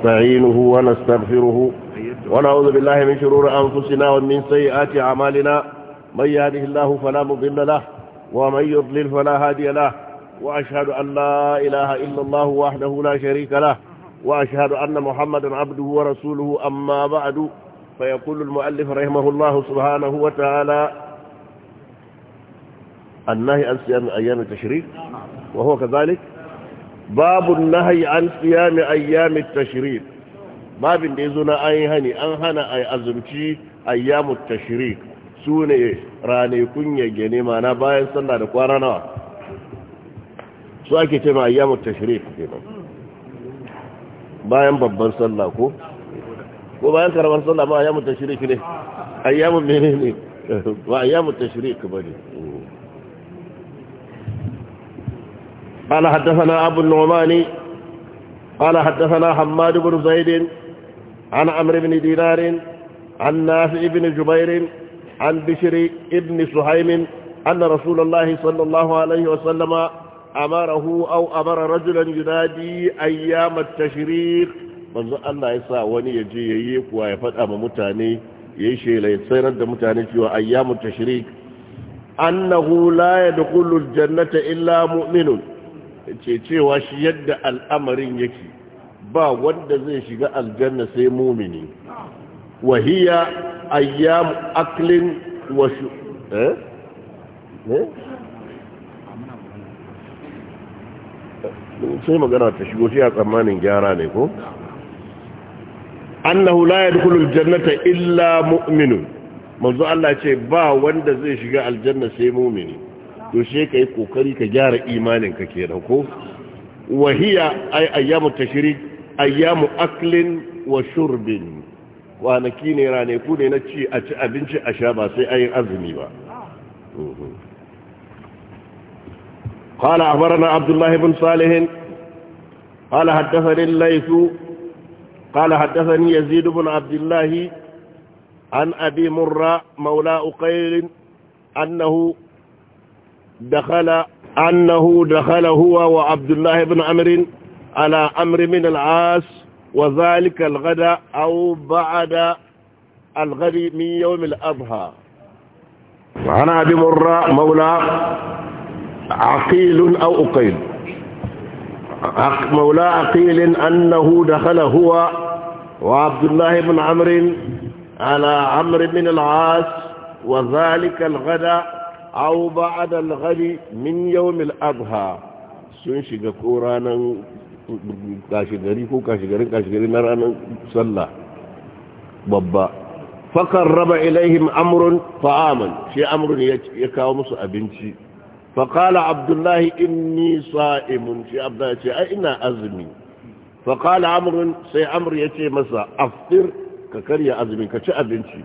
ونستعينه ونستغفره ونعوذ بالله من شرور أنفسنا ومن سيئات أعمالنا من يهده الله فلا مضل له ومن يضلل فلا هادي له وأشهد أن لا إله إلا الله وحده لا شريك له وأشهد أن محمدا عبده ورسوله أما بعد فيقول المؤلف رحمه الله سبحانه وتعالى النهي عن صيام أيام التشريك وهو كذلك babu nahyi an siyami ayyamit tashrik babin da yazo na ayi hani an hana ay azumci ayyamut tashrik sune ranakun yage ne mana bayan sallah da kwana nawa su ake ce ma ayyamut tashrik bayan babban sallah ko ko bayan karamar sallah ma ayyamut tashrik ne mene ne? ba ayyamut ba ne. قال حدثنا أبو النعمان قال حدثنا حماد بن زيد عن عمرو بن دينار عن نافع بن جبير عن بشر بن سهيم أن رسول الله صلى الله عليه وسلم أمره أو أمر رجلا ينادي أيام التشريق manzo Allah ya sa wani ya je yayi kuwa ya faɗa ma mutane yayi shela ya tsayar da mutane cewa ayyamut tashrik annahu la yadkhulu aljannata illa mu'minun ce cewa shi yadda al'amarin yake ba wanda zai shiga aljanna sai mumini wahiya ayyam aklin wasu eh? eh sai magana ta shigo shi a tsammanin gyara ne ko annahu la yadkhulu aljannata illa mu'minun manzo Allah ce ba wanda zai shiga aljanna sai mumini to ka yi kokari ka gyara imanin ka kenan ko wahiya ay ayyamu tashrik ayyamu aklin wa shurbin kwanaki ne rane ku ne na ci a ci abinci a sha ba sai ayin azumi ba قال أخبرنا عبد الله بن صالح قال حدثني الليث قال حدثني يزيد بن عبد الله عن أبي مرة مولى أقيل أنه دخل أنه دخل هو وعبد الله بن عمر على أمر من العاص وذلك الغد أو بعد الغد من يوم الأضحى وعن أبي مرة مولى عقيل أو أقيل مولى عقيل أنه دخل هو وعبد الله بن عمر على عمر من العاص وذلك الغد aw ba'da al-ghadi min yawm al-adha sun shiga ko ranan kashigari ko kashigarin kashigari na ranar sallah babba fakar raba ilaihim amrun fa'aman shi amrun ya kawo musu abinci faƙala abdullahi in nisa sa'imun shi abdullahi ce ai ina azumi faƙala amrun sai Amur ya ce masa aftir ka karya azumin ka ci abinci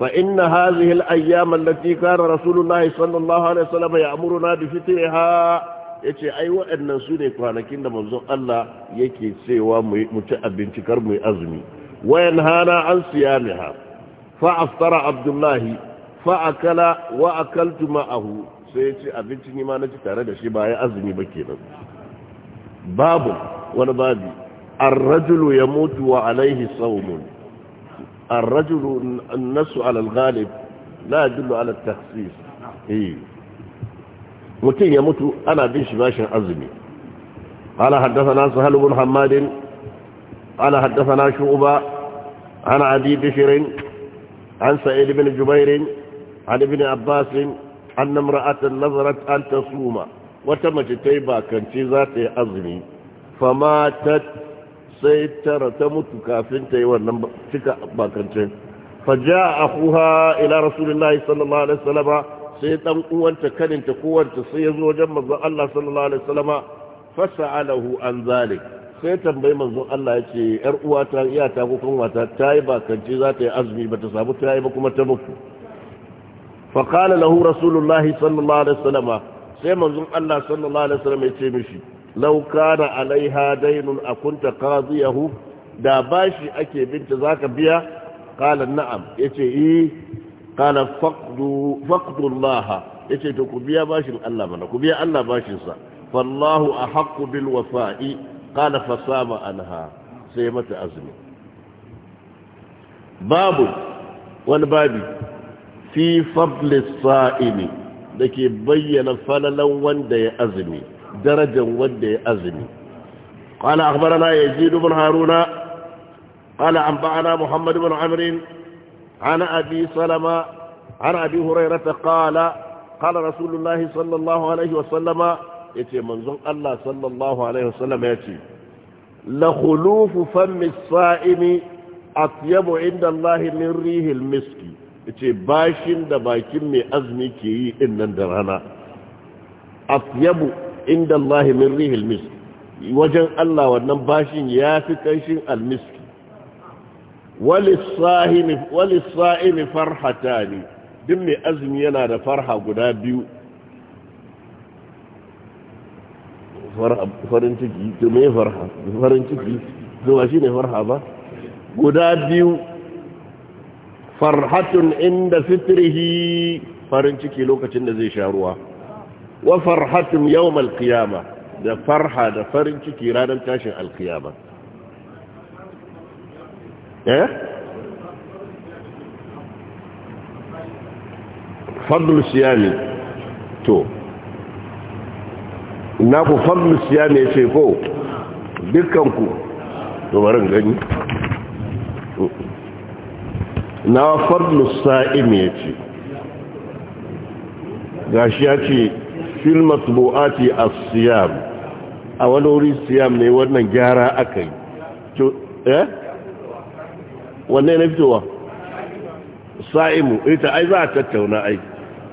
فإن هذه الأيام التي كان رسول الله صلى الله عليه وسلم يأمرنا بفطرها yace ai waɗannan su ne kwanakin da manzon Allah yake cewa mu ci abinci kar mu yi azumi wayan hana an siyamiha fa aftara abdullahi fa akala wa akaltu ma'ahu sai yace abinci ni ma naci tare da shi ba ya azumi ba kenan babu wani babi ar-rajulu yamutu wa alaihi sawmun الرجل النص على الغالب لا يدل على التخصيص نعم. إيه متين يموت أنا بنش باشا أزمي قال حدثنا سهل بن حماد قال حدثنا شعبة عن عدي بشر عن سعيد بن جبير عن ابن عباس أن امرأة نظرت أن تصوم وتمت تيبا كانت ذات أزمي فماتت sai tara ta mutu kafin ta yi wannan cika bakancin faja a kuha ila rasulullahi sallallahu alaihi wasallama sai dan uwanta kaninta kowanta sai ya zo wajen manzon Allah sallallahu alaihi wasallama alahu an zalik sai tambayi manzon Allah ya ce yar uwata iyata ko wata ta yi bakanci za ta yi azumi ba ta samu ta yi ba kuma ta mutu فقال lahu rasulullahi sallallahu alaihi الله sai وسلم Allah sallallahu alaihi صلى ya ce mishi law kana alaiha daynun akunta qadiyahu da bashi ake binta zaka biya Kala na'am yace eh qala faqdu faqdu Allah yace to ku biya bashin Allah mana ku biya Allah bashin sa fallahu ahaqqu bil wafa'i kala fasama anha sai mata azumi babu wani babi fi fadlis sa'imi da ke bayyana falalan wanda ya azumi darajar wanda ya azumi قال أخبرنا يزيد بن هارون قال أنبأنا محمد بن عمرو عن أبي سلمة عن أبي هريرة قال قال رسول الله صلى الله عليه وسلم يتي منظر الله صلى الله عليه وسلم يتي لخلوف فم الصائم أطيب عند الله من ريح المسك يتي باشن دباكين مي أزمي كي إنن درهنا أطيب inda Allah min rihil misk wajen Allah wannan bashin ya fi kanshin almisk walisa'imi farhata ne duk mai azumi yana da farha guda biyu farin ciki to farha farin ciki zuwa shi ne farha ba guda biyu farhatun inda fitrihi farin ciki lokacin da zai sha ruwa wa farhatun yawmal qiyama da farha da farin ciki ranar tashin alkiyama eh fadlu siyami to na ku fadlu siyami ya ce ko dukanku tumarin gani na fadlu sa'im ya ce gashi ya ce fil matbu'ati as-siyam a wani wuri siyam ne wannan gyara aka yi to eh wanne ne fitowa sa'imu ita ai za a tattauna ai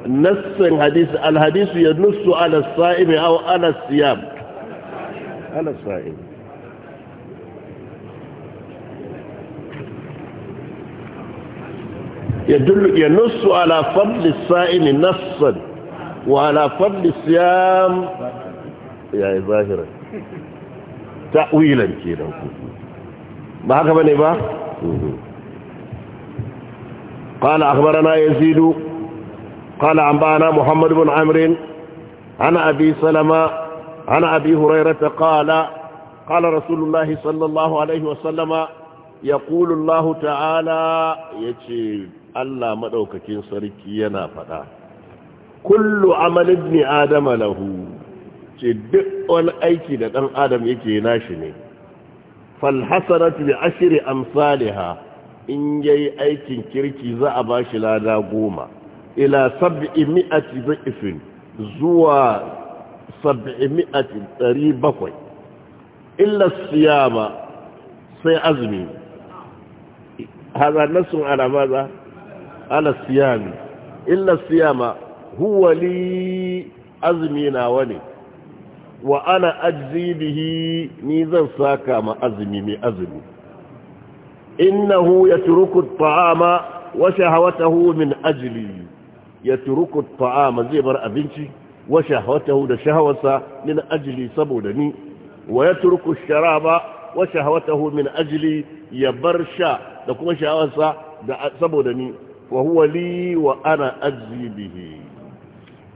nassin hadisi alhadisu ya nussu ala sa'imi aw ala siyam ala sa'imi يدل ينص على فضل الصائم نصا wa ala fadli siyam ya yi zahira ta ba haka ba ne ba? kala akbarana ya zidu kala an ba muhammadu bin amrin ana abi salama ana abi huraira ta kala kala rasulullahi sallallahu alaihi wasallama ya kulullahu ta'ala ya ce allah maɗaukakin sarki yana faɗa kullu amal ibn adam lahu ce duk wani aiki da dan adam yake nashi ne fal hasanatu bi ashri amsalha in yayi aikin kirki za a bashi lada goma ila sab'i mi'ati dhifin zuwa sab'i mi'ati 700 illa siyama sai azmi hada nasu على ماذا على الصيام إلا الصيام huwa li azumi nawa ne wa ana ajzi bihi ni zan saka ma azumi mai azumi innahu yatruku at-ta'ama wa shahawatahu min ajli yatruku at-ta'ama zai bar abinci wa shahawatahu da shahawarsa min ajli saboda ni wa yatruku ash-sharaba wa shahawatahu min ajli ya bar sha da kuma shahawarsa saboda ni wa huwa li wa ana ajzi bihi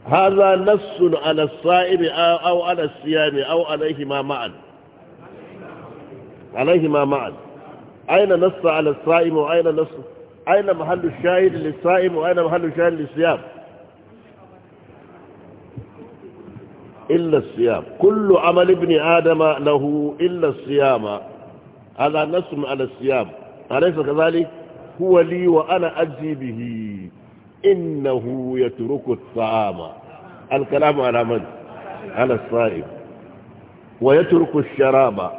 هذا نص على الصائم أو على الصيام أو عليهما معا عليهما معا أين نص على الصائم وأين نص أين محل الشاهد للصائم وأين محل الشاهد للصيام إلا الصيام كل عمل ابن آدم له إلا الصيام هذا نص على الصيام أليس كذلك هو لي وأنا أجزي به إنه يترك الطعام الكلام على من؟ على الصائم ويترك الشراب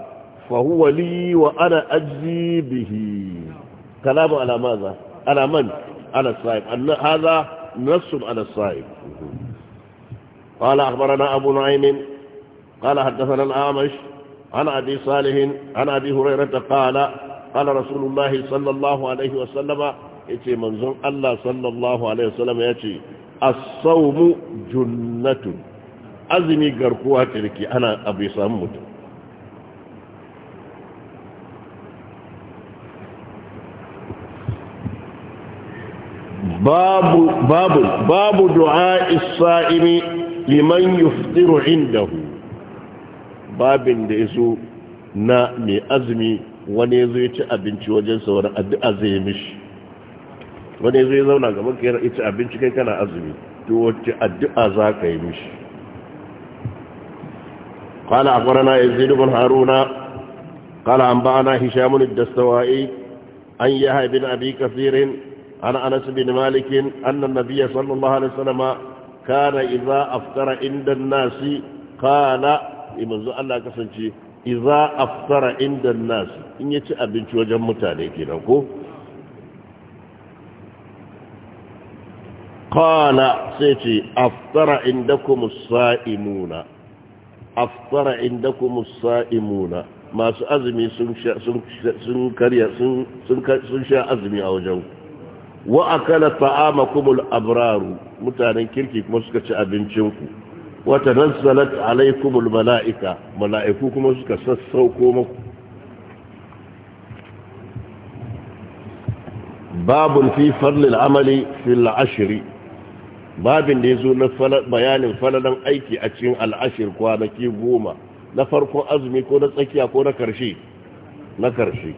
فهو لي وأنا أجزي به كلام على ماذا؟ على من؟ على الصائم هذا نص على الصائم قال أخبرنا أبو نعيم قال حدثنا الأعمش عن أبي صالح عن أبي هريرة قال قال رسول الله صلى الله عليه وسلم yace manzon Allah sallallahu alaihi wasallam yace as-sawmu junnatun azumi garkuwa tirki ana abu samu mutum babu babu babu du'a is-sa'imi liman yuftiru indahu babin da yazo na mai azumi wani yazo ya ci abinci wajen sa wani addu'a zai mishi wani zai zauna ga makiyar ita abinci kai kana azumi to wacce addu'a za ka yi mishi kala a kwarana ya zai dubin haruna kala an ba'ana hishamun dastawa'i an yi haifin abi Ana an anasu bin malikin annan nabiya sallallahu alaihi wasallama kana iza aftara inda nasi kana imanzu allah kasance iza aftara inda nasi in yi ci abinci wajen mutane kenan ko qala sai ce aftara indakum as-sa'imuna aftara indakum saimuna masu azumi sun sha azumi a wajen wa akala ta'amakum al-abraru mutanen kirki kuma suka ci abincin ku wa alaikum malaika mala'iku kuma suka sassauko maku Babu fi فضل amali في العشر babin da ya zo na bayanin faladan aiki a cikin al'ashir kwanaki goma na farkon azumi ko na tsakiya ko na karshe na karshe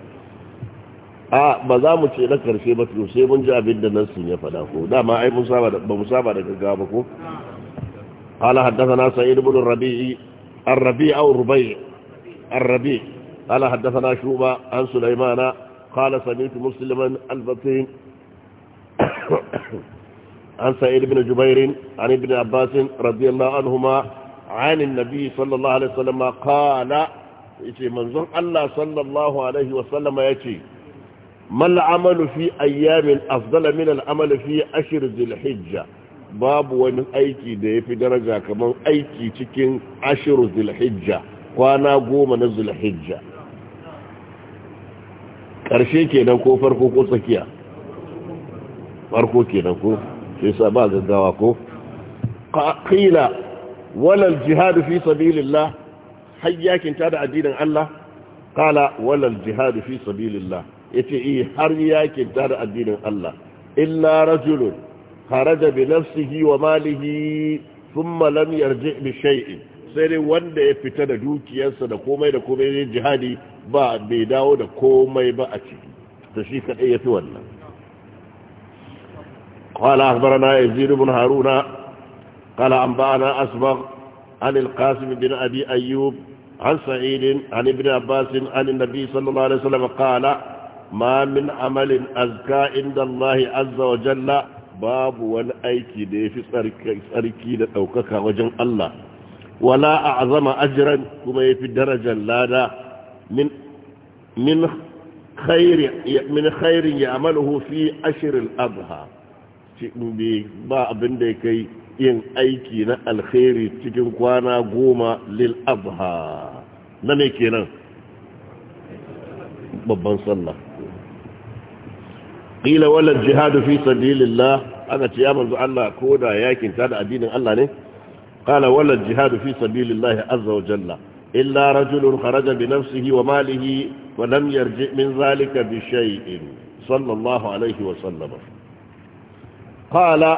a ba za mu ce na karshe ba to sai mun ji abin da nan sun ya faɗa ko dama ai mun saba ba mu saba da gaggawa haddathana sa'id ibn rabi'i ar-rabi' aw الربيع ar-rabi' ala haddathana shuba an عن qala Samitu musliman al batin عن سعيد بن جبير عن ابن عباس رضي الله عنهما عن النبي صلى الله عليه وسلم قال يتي منظر الله صلى الله عليه وسلم يتي ما العمل في أيام أفضل من العمل في أشر ذي الحجة باب وان أيكي دي في درجة كمان أيكي تكين أشر ذي الحجة وانا قوم ذي الحجة ƙarshe kenan ko farko ko tsakiya farko kenan ko shi sa ba gaggawa ko qila walal jihad fi sabilillah hayyakin ta da addinin Allah qala walal jihad fi sabilillah yace eh har yakin ta da addinin Allah illa rajulun kharaja bi nafsihi wa malihi thumma lam yarji' bi shay'in sai dai wanda ya fita da dukiyarsa da komai da komai ne jihadi ba bai dawo da komai ba a ciki to shi kadai yafi wannan قال أخبرنا يزيد بن هارون قال أنبأنا أسبغ عن القاسم بن أبي أيوب عن سعيد عن ابن عباس عن النبي صلى الله عليه وسلم قال ما من عمل أزكى عند الله عز وجل باب والأيكي دي في سركي لأوكك وجن الله ولا أعظم أجرا كما في درجة لا من من خير من خير يعمله في أشر الأضحى bi ba abin da ya kai yin aiki na alkhairi cikin kwana goma lil abha na me kenan babban sallah qila wala jihadu fi sabilillah aka ce ya manzo Allah ko da yakin ta da addinin Allah ne Ƙala wala jihadu fi sabilillah azza wa jalla illa rajulun kharaja bi nafsihi wa malihi wa lam yarji min zalika bi shay'in sallallahu alaihi wa sallam قال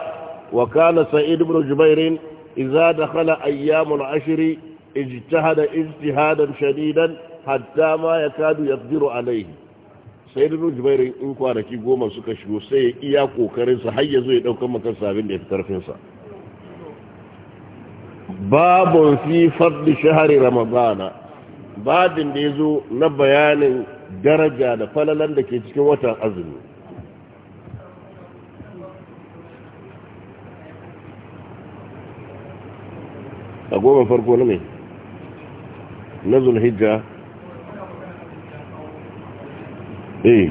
وكان سعيد بن جبير إذا دخل أيام العشر اجتهد اجتهادا شديدا حتى ما يكاد يقدر عليه sai da jubairin in kwanaki goma suka shigo sai ya iya kokarinsa har ya zo ya ɗaukar makarsa abin da ya fi ƙarfinsa babin fi fadli shahari ramadana babin da ya na bayanin daraja da falalan da ke cikin watan azumi a goma farko na mai na zulhijja eh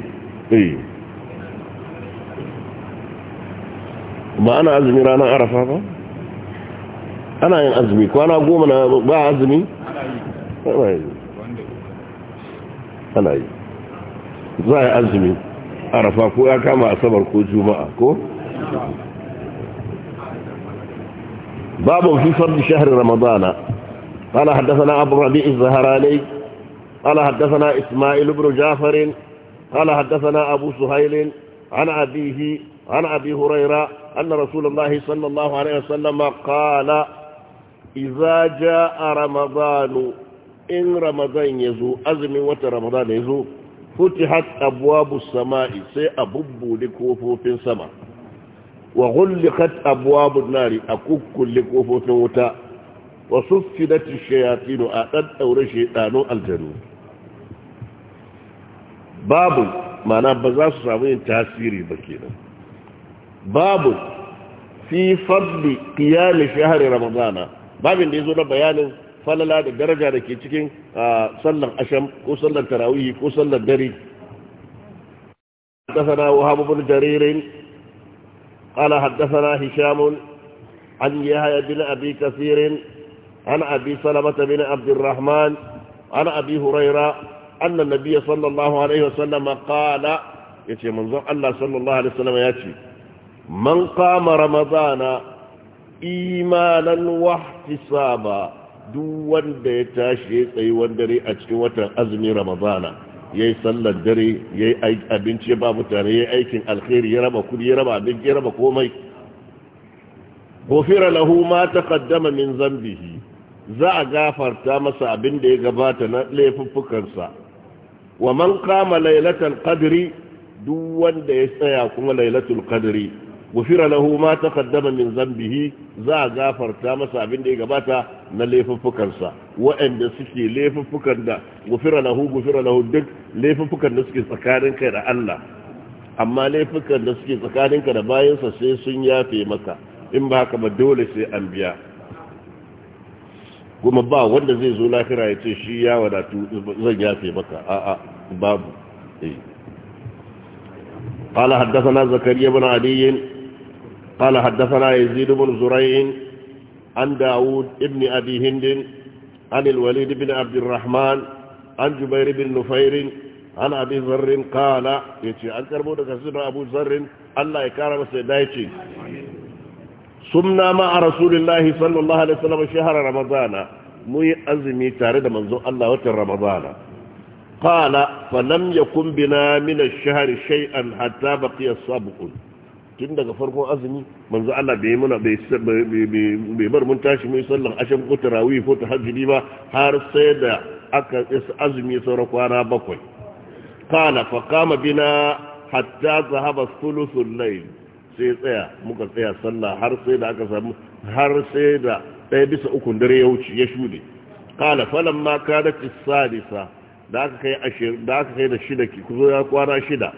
eh ba ana azumi ranar arafa ba ana yin azumi kwana goma na ba azumi ana yi ana yi za a yi azumi arafa ko ya kama asabar ko juma'a ko باب في فرض شهر رمضان قال حدثنا أبو ربيع الزهراني قال حدثنا إسماعيل بن جعفر قال حدثنا أبو سهيل عن أبيه عن أبي هريرة أن رسول الله صلى الله عليه وسلم قال إذا جاء رمضان إن رمضان يزو أزم وت رمضان يزو فتحت أبواب السماء سيأبب لكوفو في السماء wa hullikat abwabun a akukkulli kofofin wuta wa sufidat ash-shayatin a daddaure shaytanu aljanu babu mana ba za su samu yin tasiri ba kenan babu fi fadli qiyam shahr ramadana babin da yazo na bayanin falala da daraja da ke cikin sallar asham ko sallar tarawih ko sallar dare kasana wa بن جرير قال حدثنا هشام عن يحيى بن أبي كثير عن أبي سلمة بن عبد الرحمن عن أبي هريرة أن النبي صلى الله عليه وسلم قال يتي منظر الله صلى الله عليه وسلم يتي من قام رمضان إيمانا واحتسابا duk wanda ya tashi ya tsayi wandare a cikin watan azumin ramadana ya sallar dare ya yi abinci ya ba mutane ya yi aikin alkhairi ya raba kudi ya raba abin ya raba komai gofira lahu ma ta taqaddama min zambihi za a gafarta masa abin da ya gabata na laifuffukansa wa man kama lailatul qadri duk wanda ya tsaya kuma lailatul qadri gufira lahu ma taqaddama min zambihi za a gafarta masa abin da ya gabata na laifuffukansa waɗanda suke laifuffukan da gufira lahu gufira lahu duk laifuffukan da suke tsakanin kai da Allah amma laifukan da suke tsakanin ka da bayansa sai sun yafe maka in ba haka ba dole sai an biya kuma ba wanda zai zo lafira ya ce shi ya wadatu zan yafe maka a'a babu قال حدثنا زكريا بن علي قال حدثنا يزيد بن زريع عن داود ابن أبي هند عن الوليد بن عبد الرحمن عن جبير بن نفير عن أبي ذر قال يتي عن كربو دكسر أبو ذر الله يكرم سيدايتي سمنا مع رسول الله صلى الله عليه وسلم شهر رمضان مي أزمي تارد منذ الله وتر رمضان قال فلم يكن بنا من الشهر شيئا حتى بقي الصبع tun daga farkon azumi manzo Allah bai muna bai bai bar mun tashi mun sallan ashan ko ko tahajjudi ba har sai da aka azumi sauran kwana bakwai kana fa kama bina hatta zahaba thuluthul layl sai tsaya muka tsaya sallah har sai da aka samu har sai da ɗaya bisa uku dare ya wuce ya shude kana falamma kadat as-sadisa da aka kai da aka kai da shida ki kuzo ya kwana shida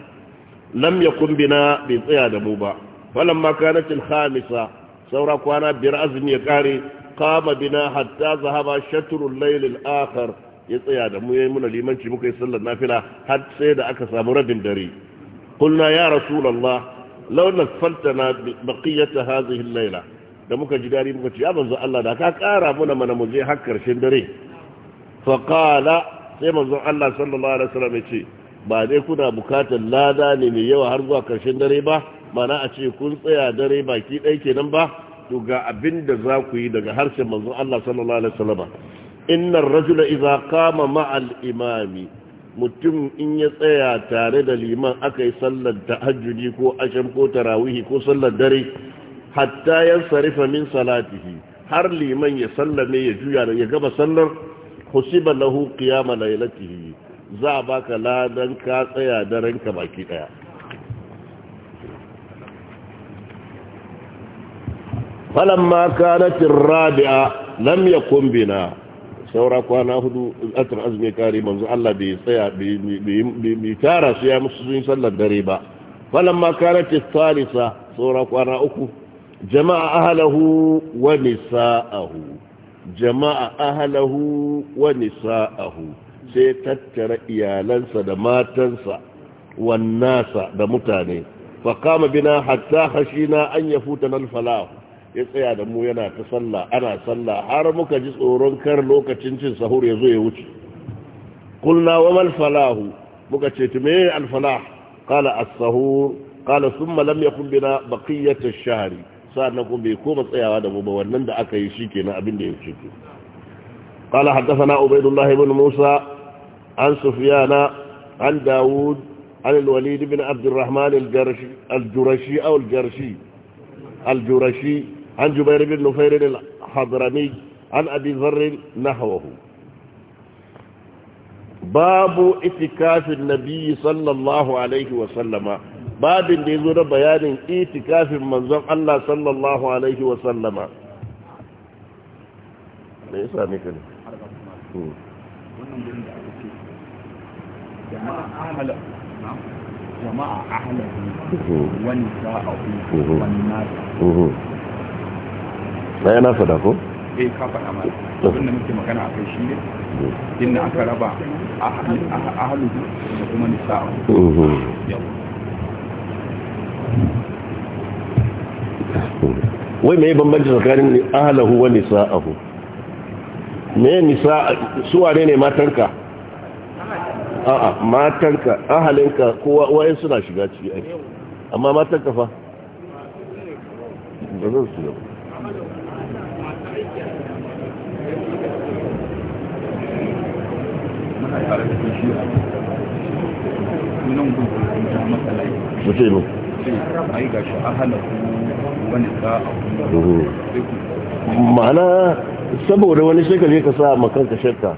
lam yakun bina bai tsaya da mu ba falamma kanat hamisa saura kwana biyar azumi ya kare kama bina hatta zahaba shatrul layl akar ya tsaya da mu yayin muna limanci muka yi sallar nafila har sai da aka samu rabin dare qulna ya rasulullah law nafaltana baqiyat hadhihi al laila. da muka ji dari muka ce ya manzo Allah da ka kara muna mana mu je har karshen dare fa qala sai manzo Allah sallallahu alaihi wasallam ya ce ba dai kuna bukatar lada ne mai yawa har zuwa karshen dare ba mana a ce kun tsaya dare baki ɗai kenan ba to ga abin da za ku yi daga harshen manzon Allah sallallahu alaihi wasallam innar rajula idza qama ma'al imami mutum in ya tsaya tare da liman aka yi sallar tahajjudi ko asham ko tarawihi ko sallar dare hatta yansarifa min salatihi har liman ya sallame ya juya ya gaba sallar husiba lahu qiyama laylatihi za a baka ladan ka tsaya daren ka baki daya ma kanat rabi'a lam yakun bina saura kwana hudu atar azumi kari manzo Allah bai tsaya bai tara su ya musu sun sallar dare ba ma kanat salisa saura kwana uku jama'a ahlahu wa nisa'ahu jama'a ahlahu wa nisa'ahu sai tattara iyalansa da matansa wannasa da mutane faƙama bina hatta hashina an ya futa nan falahu ya tsaya da mu yana ta sallah ana sallah har muka ji tsoron kar lokacin cin sahur ya zo ya wuce kulna wa mal falahu muka ce tume al falah kala as sahur sun malam ya yakun bina baqiyat shahari, sa'ad na bai koma tsayawa da mu ba wannan da aka yi shi kenan abin da ya wuce haddasa na ubaidullahi ibn musa عن سفيان عن داود عن الوليد بن عبد الرحمن الجرشي, الجرشي أو الجرشي الجرشي عن جبير بن نفير الحضرمي عن أبي ذر نحوه باب اتكاف النبي صلى الله عليه وسلم باب يزور بيان اتكاف منظم الله صلى الله عليه وسلم ليس مكني jama'a ahlahu wani sa'a wani nasa na yana fada ko? eh ka faɗa ma abin da muke magana a kai shi ne inda aka raba ahalu da kuma nisa'ahu wai mai bambanci tsakanin ahalahu wa nisa'ahu me nisa suware ne matanka a'a matanka ahalinka kowa wa'in suna shiga ciki ai amma matanka fa ba zan su gaba mutum ma'ana saboda wani shekar ka sa makanka shekka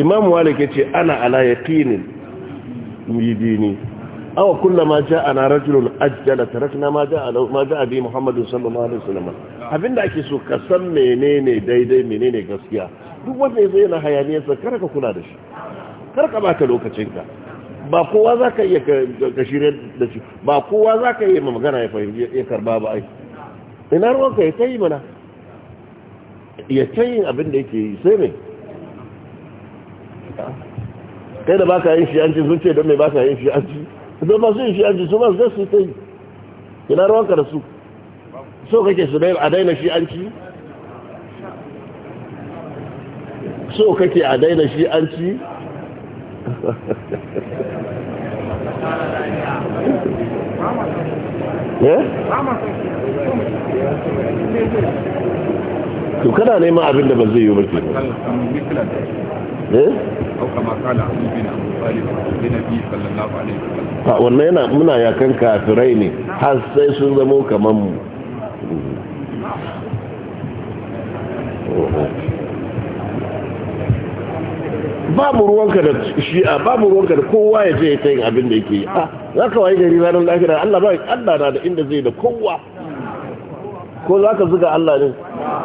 imam malik yace ana ala yaqinin dini aw kullama ja'ana rajulun ajjala tarakna ma ja'a ma ja bi muhammad sallallahu alaihi wasallam abinda ake so ka san menene daidai menene gaskiya duk wanda yazo yana hayaniya sa kar ka kula da shi kar ka bata lokacinka ba kowa zaka iya ka shirye da shi ba kowa zaka iya magana ya fahimci ya karba ba ai ina ruwanka ya tayi mana ya tayi abin da yake yi sai ne kai da ba ka yin shi'anci sun ce don mai ba ka yin shi'anci don masu yin shi'anci su masu gasu ta yi ina rawanka da su so kake su a daina shi'anci so kake a daina shi'anci eh? to kana neman abin da ba zai yi ba ke Eh? a wannan yana muna yakan kafirai ne har sai sun zamo kamar mu ba mu ruwanka da shi'a ba mu ruwanka da kowa ya je ta yin abin da yake yi za ka wayi gari ranar lafiya Allah ba Allah na da inda zai da kowa ko za ka zuga Allah ne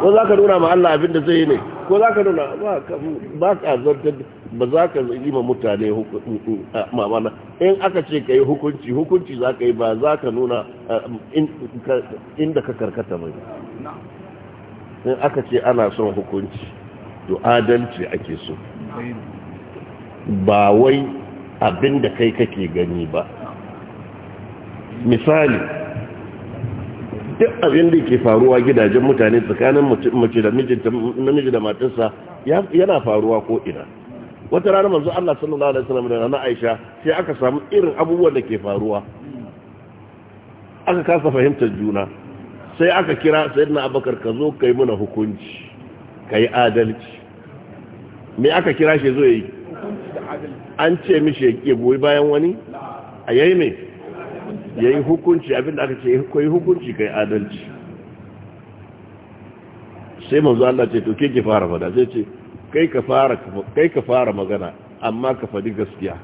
ko za ka nuna ma Allah abin da zai yi ne ko za ka nuna ba ka zartar ba za ka yi ma mutane mm, mm, mamana in aka ce ka yi hukunci hukunci za ka yi ba za ka nuna inda ka karkata mai in aka ce ana son hukunci to adalci ake so ba wai abin da kai kake gani ba misali duk abin da ke faruwa gidajen mutane tsakanin mace da namiji da matarsa yana faruwa ko ina wata rana manzo Allah sallallahu alaihi wasallam da na Aisha sai aka samu irin abubuwan da ke faruwa aka kasa fahimtar juna sai aka kira sayyidina Abubakar ka zo kai mana hukunci kai adalci me aka kira shi zo yi an ce mishi ya goyi bayan wani a yayi mai ya yi hukunci abinda aka ce ko yi hukunci kai adalci sai manzo Allah ce to ke ki fara fada sai ce kai ka fara kai ka fara magana amma ka fadi gaskiya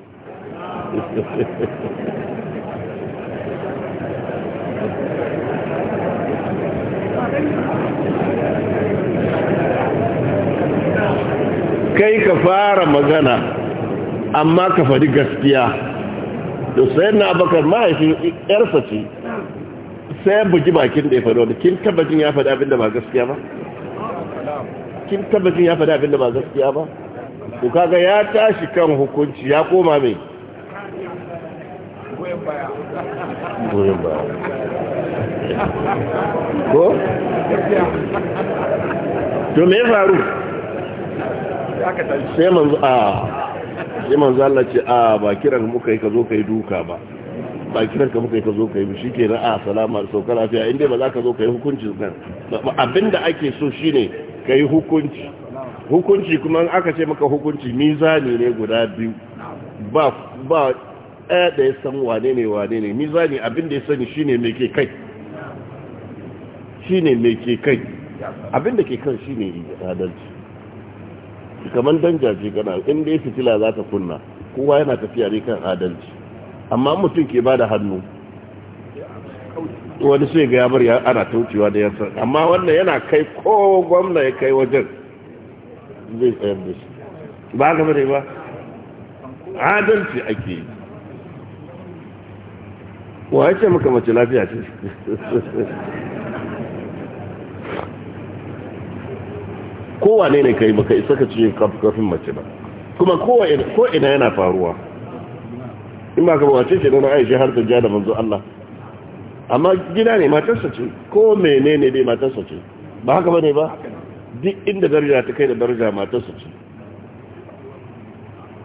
kai ka fara magana amma ka fadi gaskiya da sayar na abakar mahaifin yarsa ce sai buji bakin da ya faɗo da kin tabbacin ya faɗa abinda ba gaskiya ba kin tabbacin ya faɗa abinda ba gaskiya ba ku kaga ya tashi kan hukunci ya koma mai goyon baya ko? to me faru sai manzu a sai manzo Allah ce a ba kiran muka yi ka zo kai duka ba ba kiran ka muka yi ka zo kai shi ke ra'a salama sauka lafiya inda ba za ka zo kai hukunci kan abinda ake so shine kai hukunci hukunci kuma aka ce maka hukunci mizani ne guda biyu ba ba ɗaya da ya san wane ne wane ne mizani abinda ya sani shine me ke kai shine me ke kai abinda ke kan shine adalci kamar danja ce kana in dai fitila za ta kunna kowa yana tafiya ne kan adalci amma mutum ke ba da hannu wani sai ga yabar ya ana taucewa da yasa amma wannan yana kai ko gwamna ya kai wajen zai tsayar da shi ba gaba da ba adalci ake yi wa ya ce mace lafiya ce kowa ne kai baka isa ka ce kafin mace ba kuma ko ina yana faruwa in ba ka ba wace ce nuna aisha har ta ja da manzo Allah amma gida ne matarsa ce ko menene dai matarsa ce ba haka bane ba duk inda daraja ta kai da daraja matarsa ce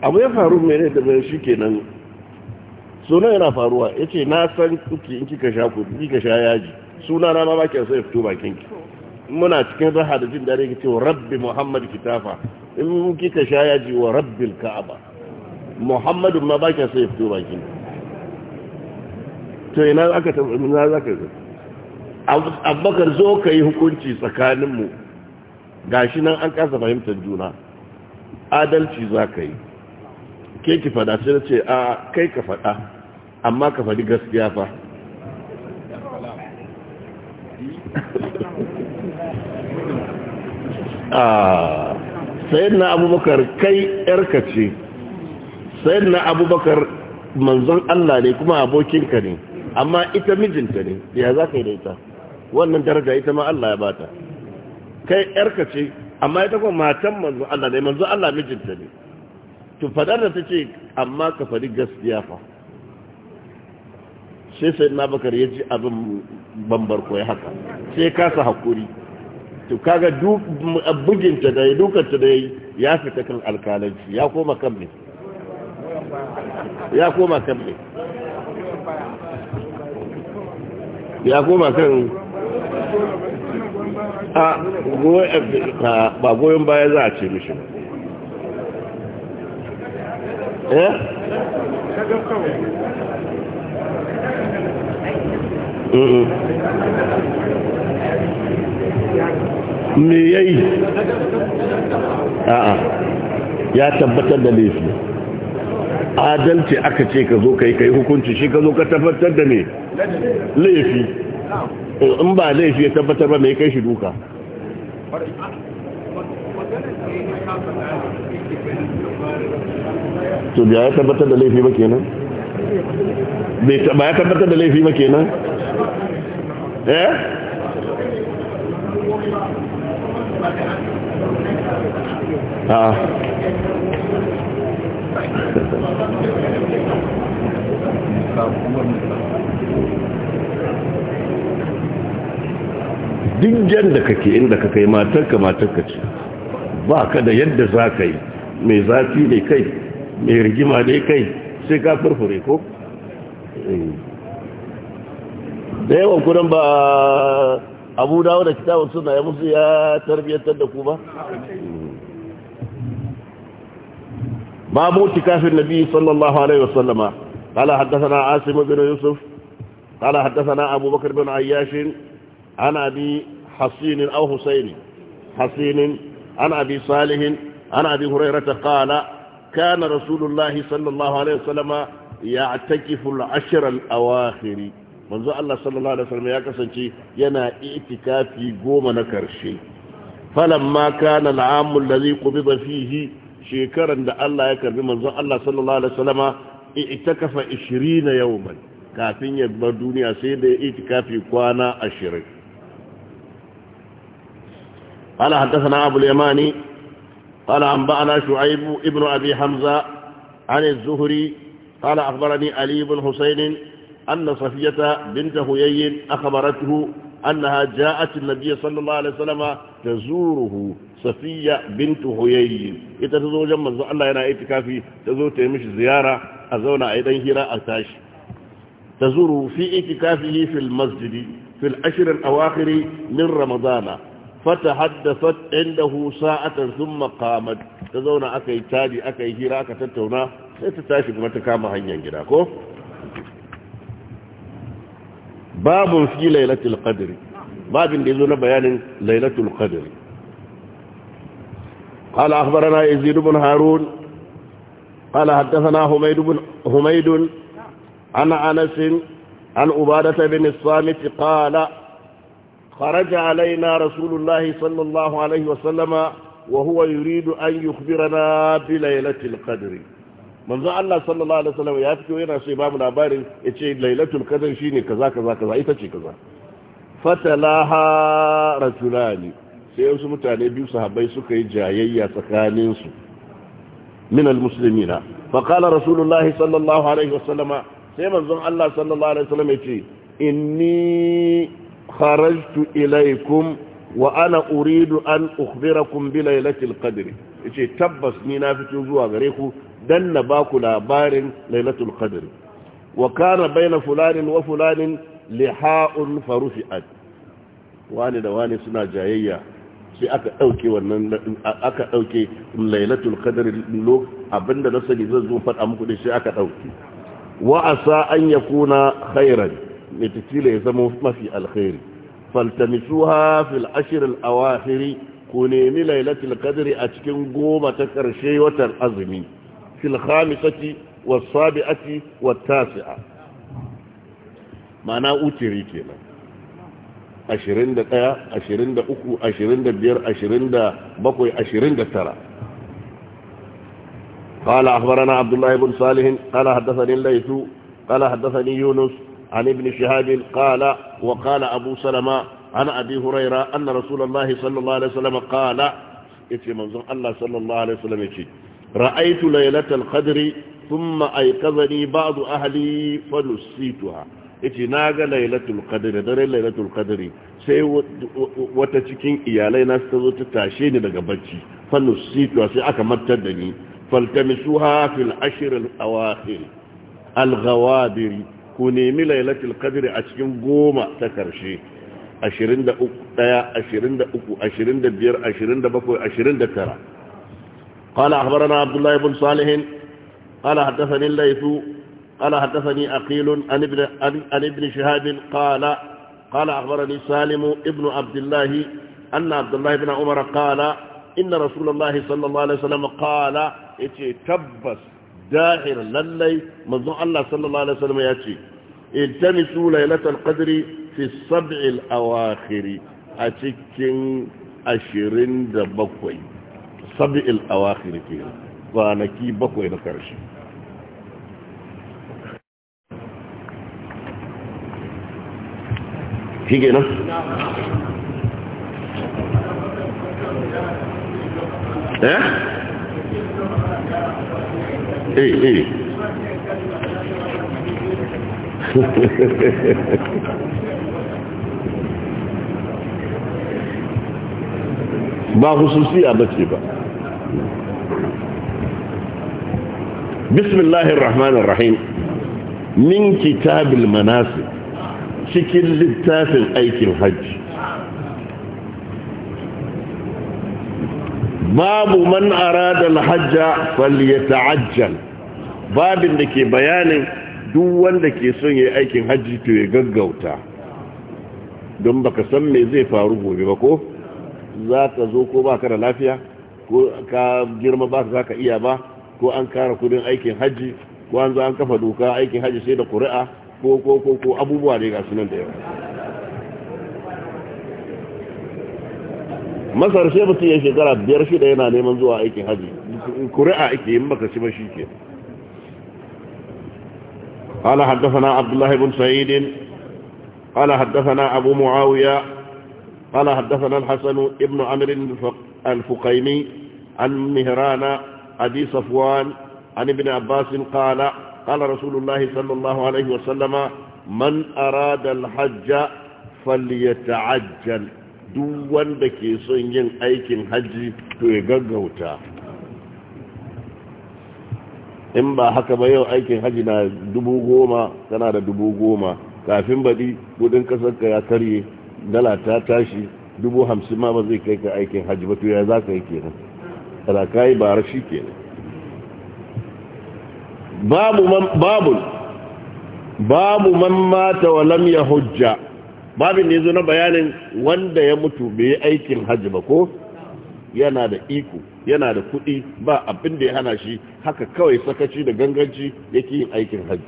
abu ya faru mene da mai shi kenan suna yana faruwa ya ce na san kuki in kika sha kuki kika sha yaji suna na ma ba kyan sai fito bakin ki muna cikin raha da jin dare cewa rabbi muhammad kitafa in kika sha yaji wa rabbil ka'aba muhammadu ma ba ka sai fito bakin to ina zaka tabbata ina ka zo abubakar zo ka yi hukunci tsakaninmu gashi nan an kasa fahimtar juna adalci za ka yi ke ki fada sai ce a kai ka fada amma ka fadi gaskiya fa a na abubakar kai yarka ce sayin na abubakar manzon Allah ne kuma abokinka ne amma ita mijinta ne ya za ka yi da ita wannan daraja ita ma Allah ya bata kai yarka ce amma ita kuma matan manzon Allah ne manzon Allah mijinta ne to fadar da ta ce amma ka fadi gaskiya fa sai sayin na abubakar ya ji abin bambar koyi haka sai kasa haƙuri to kaga duk ta da ya ta da ya fita kan alkalanci ya koma kan ne ya koma kan ne ya koma kan a ba goyon baya za a ce mishi eh me yayi a'a ya tabbatar da laifi adalci aka ce ka zo kai kai hukunci shi ka zo ka tabbatar da me laifi in ba laifi ya tabbatar ba mai kai shi duka to ya tabbatar da laifi ba kenan ba ya tabbatar da laifi ba kenan eh a dingin da kake inda ka kai matarka matarka ce ba ka da yadda za ka yi mai zafi ne kai mai rigima ne kai sai ka furfure ko? Eh. da yawan kudan ba abu dawo da kitabun suna ya musu ya tarbiyyantar da ku ba? Hmm. kafin tikafin nabi sallallahu alaihi wasallama kala haddasa asim bin yusuf kala haddasa na abubakar bin ayyashin ana bi hasinin au husaini hasinin ana bi salihin ana bi hurairata kala kana rasulullahi sallallahu alaihi wasallama ya atakifu la'ashirar awakiri manzo Allah sallallahu alaihi wasallam ya kasance yana itikafi goma na karshe falamma kana al'amu alladhi qubida fihi shekaran da Allah ya karbi manzo Allah sallallahu alaihi wasallam itikafa 20 yawman kafin ya bar duniya sai da itikafi kwana 20 قال حدثنا أبو اليماني قال أنبأنا شعيب ابن أبي حمزة عن الزهري قال أخبرني علي بن حسين أن صفية بنت هيي أخبرته أنها جاءت النبي صلى الله عليه وسلم تزوره صفية بنت هيي إذا تزور جمع الله ينا إتكافي تزور تمش زيارة أزونا أيضا هيرا أتاش تزور في إتكافه في المسجد في العشر الأواخر من رمضان فتحدثت عنده ساعة ثم قامت تزونا أكي تاجي أكي هيرا أكتتونا ستتاشي كما تكام هنيا جراكو باب في ليلة القدر باب يزول بيان ليلة القدر قال أخبرنا يزيد بن هارون قال حدثنا حميد بن حميد عن أنس عن عبادة بن الصامت قال خرج علينا رسول الله صلى الله عليه وسلم وهو يريد أن يخبرنا بليلة القدر manzo Allah sallallahu alaihi wasallam ya fito yana so ya bamu labarin yace lailatul qadr shine kaza kaza kaza ita ce kaza fatalaha rasulani sai wasu mutane biyu sahabbai suka yi jayayya tsakanin su min almuslimina fa qala rasulullahi sallallahu alaihi wasallam sai manzon Allah sallallahu alaihi wasallam yace inni kharajtu ilaykum wa ana uridu an ukhbirakum bi lailatul qadr ce tabbas ni na fito zuwa gare ku dan na ba ku labarin lailatul qadr wa kana baina fulanin wa fulanin liha'un farufi'at wani da wani suna jayayya sai aka dauke wannan aka dauke lailatul qadr lo abinda na sani zan zo fada muku dai sai aka dauke wa asa an yakuna khairan mitkila ya zama mafi alkhairi faltamisuha fil ashr al awakhir ku nemi lailatul qadri a cikin goma ta karshe watan azumi fil khamisati was sabi'ati wat tasi'a mana utiri kenan 21 23 25 27 قال أخبرنا عبد الله بن صالح قال حدثني الليث قال حدثني يونس عن ابن شهاب قال وقال أبو سلمة عن أبي هريرة أن رسول الله صلى الله عليه وسلم قال يتي منظم الله صلى الله عليه وسلم يتي رأيت ليلة القدر ثم أيقظني بعض أهلي فنسيتها yace na ga lailatul qadr dare lailatul qadr sai wata cikin iyalai na ta zo ta tashe ni daga bacci fanusitu sai aka mattar da ni faltamisuha fil ashr al ku nemi lailatul qadr a cikin goma ta karshe ashirin da uku ɗaya ashirin da uku ashirin da biyar ashirin da bakwai ashirin da tara قال أخبرنا عبد الله بن صالح قال حدثني الليث قال حدثني أقيل عن ابن, عن ابن شهاب قال قال أخبرني سالم ابن عبد الله أن عبد الله بن عمر قال إن رسول الله صلى الله عليه وسلم قال تبس داعر للي منذ الله صلى الله عليه وسلم يأتي التمسوا ليلة القدر fi sab'il awakhiri a cikin ashirin da bakwai sab'il awakhiri ke kwanaki bakwai na karshe shi ke eh? eh eh ba hususiya ba ce ba bismillahir rahmanir rahim min kitabil manasik cikin littafin aikin hajji babu man arada alhajja falyata'ajjal babin da ke bayanin duk wanda ke son yayi aikin hajji to ya gaggauta don baka san me zai faru gobe ba ko za ka zo ko ba ka da lafiya ko ka girma ba za ka iya ba ko an kara kudin aikin hajji ko an zo an kafa doka aikin hajji sai da kuri'a ko ko ko ko abubuwa ne ga sunan da yawa masar sai mutum ya shekara biyar shida yana neman zuwa aikin hajji kuri'a ake yin maka shi mashi shi ke قال حدثنا عبد الله بن سعيد قال حدثنا أبو معاوية قال حدثنا الحسن ابن عمر الفقيمي عن مهران أبي صفوان عن ابن عباس قال قال رسول الله صلى الله عليه وسلم من أراد الحج فليتعجل duk wanda ke son yin aikin hajji ya gaggauta in ba haka ba yau aikin hajji na dubu goma tana da dubu goma kafin baɗi kudin ƙasarka ya karye dala ta tashi dubu hamsin ma ba zai kai ka aikin hajji ba to ya za ka yi kenan ka yi bara shi kenan babu babu man mata wa lam ya hujja babin ne zo na bayanin wanda ya mutu bai yi aikin hajji ba ko yana da iko yana da kuɗi ba abin da ya hana shi haka kawai sakaci da ganganci yake yin aikin hajji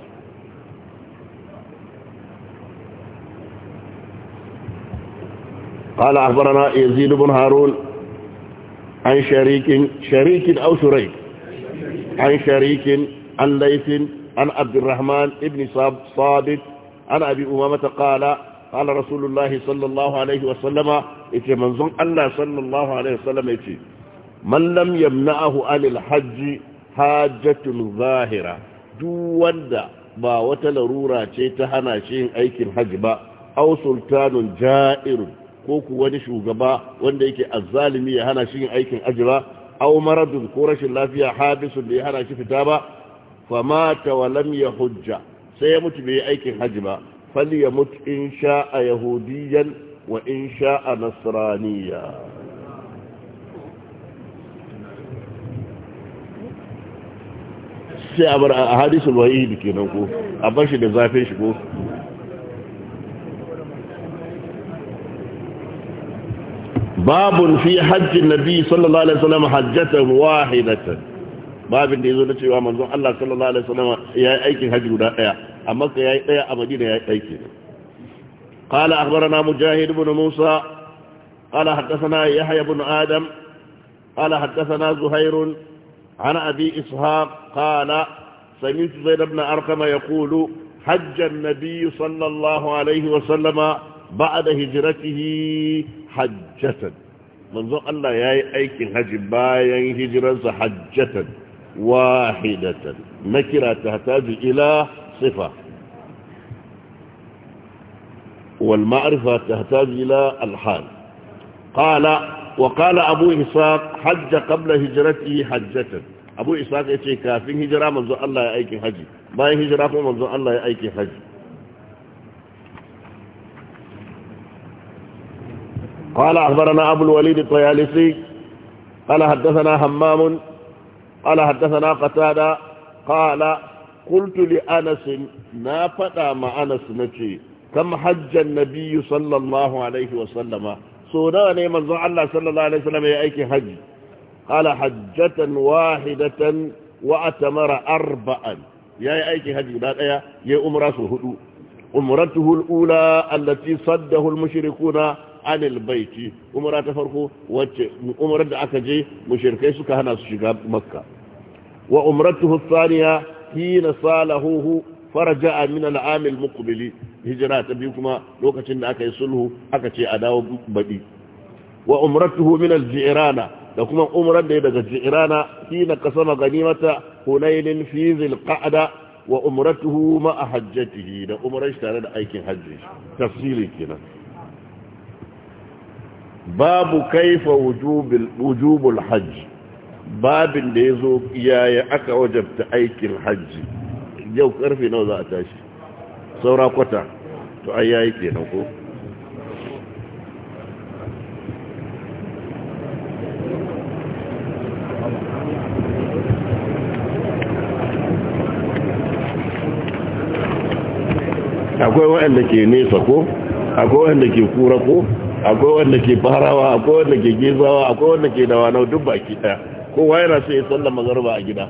قال أخبرنا يزيد بن هارون عن شريك شريك أو شريك عن شريك عن ليث عن عبد الرحمن ابن صابت عن أبي أمامة قال قال رسول الله صلى الله عليه وسلم إتي منظم الله صلى الله عليه وسلم إتي من لم يمنعه عن الحج حاجة ظاهرة دون دا با وتلرورة تهنا شيء أيك الحج با أو سلطان جائر ko ku wani shugaba wanda yake azzalimi ya hana shi yin aikin ajira aw maradun ko rashin lafiya habisun da ya hana shi fita ba Fa famata wa lam yahujja sai ya mutu bai aikin haji ba fali ya mutu in sha'a yahudiyan wa in sha'a nasraniya sai a bar a hadisul wa'idi kenan ko a bar shi da zafin shi ko باب في حج النبي صلى الله عليه وسلم حجة واحدة باب دي زو نتي وا منزو الله صلى الله عليه وسلم يا ايكي حج غدا ديا اما كاي ديا اما دي قال اخبرنا مجاهد بن موسى قال حدثنا يحيى بن ادم قال حدثنا زهير عن ابي اسحاق قال سمعت زيد بن ارقم يقول حج النبي صلى الله عليه وسلم بعد هجرته حجة من ذو الله ياي ايكن هجي بايا هجرة حجة واحدة نكرة تحتاج الى صفة والمعرفة تحتاج الى الحال قال وقال ابو اساق حج قبل هجرته حجة ابو اساق ايكي كافين هجران من ذو الله يا ايكن هجي بايا هجرة من ذو الله يا ايكن حج قال أخبرنا أبو الوليد الطيالسي قال حدثنا همام قال حدثنا قتادة قال قلت لأنس ما فتى مع أنس نتي كم حج النبي صلى الله عليه وسلم سوداني من ذو الله صلى الله عليه وسلم يأيك حج قال حجة واحدة وأتمر أربعا يا أيك حج لا يا أمرته الأولى التي صده المشركون anil baiti umra ta farko wacce umrar da aka je mushrikai suka hana su shiga makka wa umratuhu thaniya hina salahuhu faraja'a min al-am al-muqbil hijra ta biyu kuma lokacin da aka yi sulhu aka ce a dawo badi wa umratuhu min al-jirana da kuma umrar da daga jirana hina kasama ganimata hunailin fi zil-qa'da wa umratuhu ma hajjatihi da umrar shi tare da aikin hajji tafsilin kenan babu kaifa wujubul hajji babin da ya zo yaya aka wajabta aikin hajji yau karfe nawa za a tashi saura kwata to ai yayi kenan ko akwai waɗanda ke nesa ko akwai waɗanda ke kura ko akwai wanda ke farawa akwai wanda ke gizawa akwai wanda ke dawa na duk baki daya kowa yana so ya sallama garba a gida